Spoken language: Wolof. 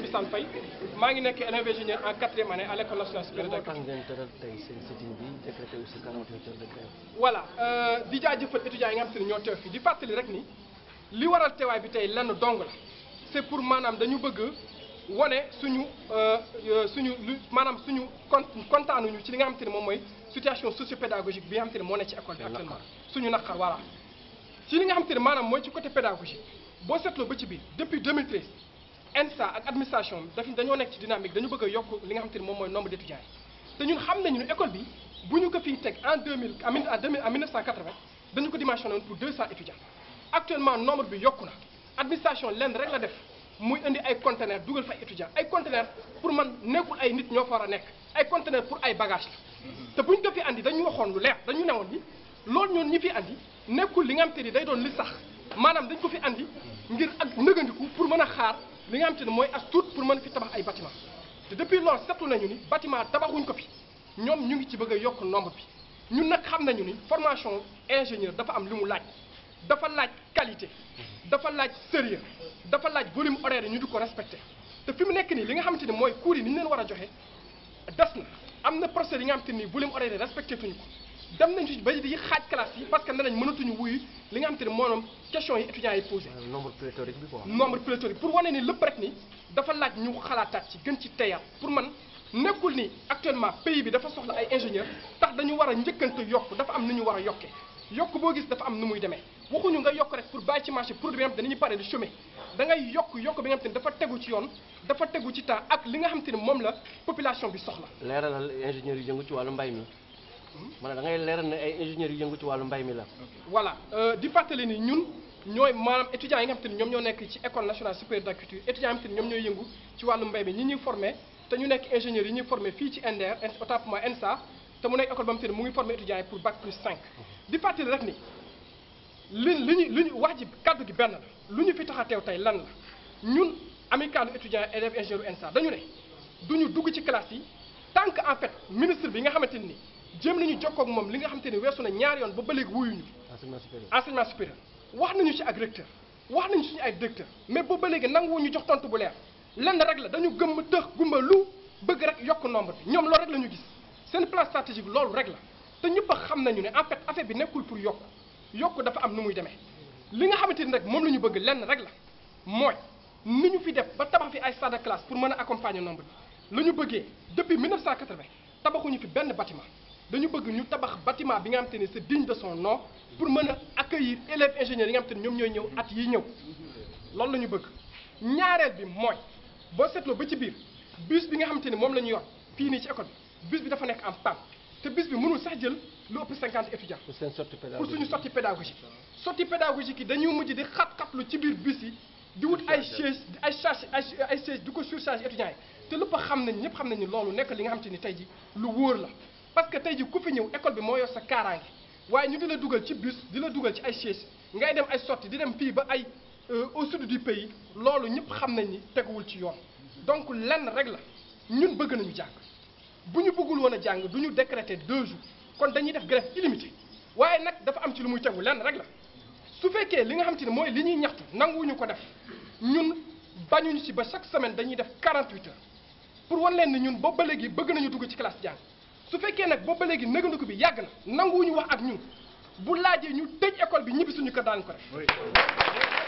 Mbissane Faye maa ngi nekk élève ingénieur en quatrième année à l'école nationale supérieure de Dakar. ngeen tëral tey seen sitting bi décrété aussi euh, yi nga xam te ne ñoo teew fii di fàttali rek ni li waral teewaay bi tey lenn dong la c'est pour maanaam dañu bëgg wane suñu euh, euh, suñu lu maanaam suñu con ñu ci li nga xam te ne moom mooy situation socio-pédagogique bi nga xam te ne moo ne ci école bi actuellement suñu naqar voilà. ci li nga xam te ne maanaam mooy ci côté pédagogique boo seetloo ba ci biir depuis 2013 ENSA ak administration bi dañoo nekk ci dynamique dañu bëgg yokk li nga xam te ne moom mooy nombre d'étudiants yi te ñun xam nañu ne école bi bu ñu ko fiy teg amin en 2000 en 1980 dañu ko dimensionné woon pour 200 étudiants actuellement nombre bi yokku na administration lenn rek la def muy indi ay conteneurs dugal fa ay ay conteneurs pour man nekkul ay nit ñoo fa war a nekk ay conteneurs pour ay bagages la te bu ñu ko fi andi dañu waxoon lu leer dañu newoon ni loolu ñoon ñi fi andi nekkul li nga xam ni day doon li sax maanaam dañ ko fi andi ngir ak nëgandiku pour mën a xaar. li nga xam te ne mooy as tuut pour man fi tabax ay bâtiment te depuis loolu seetlu nañu ni bâtiment tabaxuñ ko fi ñoom ñu ngi ci bëgg a yokk nombre bi ñun nag xam nañu ni formation ingénieur dafa am li mu laaj dafa laaj qualité dafa laaj sérieux dafa laaj volume horaire yi ñu di ko respecté te fi mu nekk nii li nga xam xamante ni mooy cours yi ni ñu leen war a joxe des na am na professeur yi nga xamante ni volume horaire yi respecté tuñu ko dem nañu ci ba di xaaj classe yi parce que nee nañ mënatuñu wuyu li nga xamante ni moom question yi étudiants yi posé. Euh, nombre pléthorique bi quoi. nombre pléthorique pour wane ni lépp rek ni dafa laaj ñu xalaataat ci gën ci teyaat pour man nekkul ni actuellement pays bi dafa soxla ay ingénieurs tax dañu war a njëkkante yokk dafa am nu ñu war a yokkee yokk boo gis dafa am nu muy demee waxuñu nga yokk rek pour bàyyi ci marché produit bi nga xam te ne ñu pare di chômer da ngay yokk yokk bi nga xam te ne dafa tegu ci yoon dafa tegu ci temps ak li nga xam te ne moom la population bi soxla. leeralal ingénieurs yi jëngu ci wàllu mbay mi. ma ne da leeral ne ay ingénieurs yu yëngu ci wàllu mbay mi la. voilà euh, di fàttali ni ñun ñooy maanaam étudiants yi nga xam te ni ñoom ñoo nekk ci école nationale supérieure d'agriculture étudiants yi nga xam te ni ñooy yëngu ci wàllu mbay mi ñi ñuy formé te ñu nekk ingénieurs yi ñuy formé fii ci NDR notamment ENSA te mu nekk école ba mu te ni mu ngi formé étudiants yi pour bac plus 5 di fàttali rek ni li li ñu li ñu wax ji kàddu gi benn la lu ñu fi tax a teew tey lan la ñun amicale étudiants élèves ingénieurs ENSA dañu ne duñu dugg ci classe yi tant que en fait ministre bi xamante ni jéem nañu jokkoo ak moom li nga xam te ne weesu na ñaar yoon ba ba léegi wuyuñu enseignement supérieur wax nañu ci ak recteur wax nañu suñu ay directeur mais ba ba léegi nanguwuñu jox tontu bu leer lenn rek la dañu gëmm tëx gumba lu bëgg rek yokk nombre bi ñoom loolu rek la ñu gis seen plan stratégique loolu rek la te ñëpp a xam nañu ne en fait affaire bi nekkul pour yokk yokk dafa am nu muy demee li nga xamante ni rek moom la ñu bëgg lenn rek la mooy ni ñu fi def ba tabax fi ay salle de classe pour mën a accompagner nombre bi la ñu bëggee depuis 1980 tabaxuñu fi benn bâtiment dañu bëgg ñu tabax bâtiment bi nga xam te ne c'est digne de son non pour mën a accueillir élèves ingénieurs yi nga xam te ñoom ñooy ñëw at yi ñëw loolu la ñu bëgg ñaareel bi mooy boo seetloo ba ci biir bus bi nga xam te ne moom la ñu yor fii nii ci école bi bus bi dafa nekk am panne te bus bi mënul sax jël lu ëpp cinquante étudiants pour seen sortie pédagogique pour suñu sortie pédagogique sortie pédagogique yi dañu mujj di xat-xatlu ci biir bus yi di wut ay chaise ay charge ay chaise di ko surcharge étudiants xam nañ ñëpp xam nañ ni loolu nekk li nga xam ni tey ji lu wóor la parce que tey ji ku fi ñëw école bi moo yor sa kaaraange waaye ñu di la dugal ci bus di la dugal ci ay chaise ngay dem ay sortie di dem fii ba ay euh, au sud du pays loolu ñëpp xam nañ ni teguwul ci yoon donc lenn rek la ñun bëgg nañu jàng bu ñu bëggul woon a jàng du ñu décréter deux jours kon dañuy def grève illimité waaye nag dafa am ci lu muy tegu lenn rek la su fekkee li nga xam te ne mooy li ñuy ñaxtu nanguwuñu ko def ñun bañuñu ci ba chaque semaine dañuy def 48 pour wan leen ñun boobu léegi bëgg nañu dugg ci classe jàng su fekkee nag boobu ba léegi négandiku bi yàgg na ñu wax ak ñun bu laajee ñu tëj école bi ñibbi suñu ko daan ko def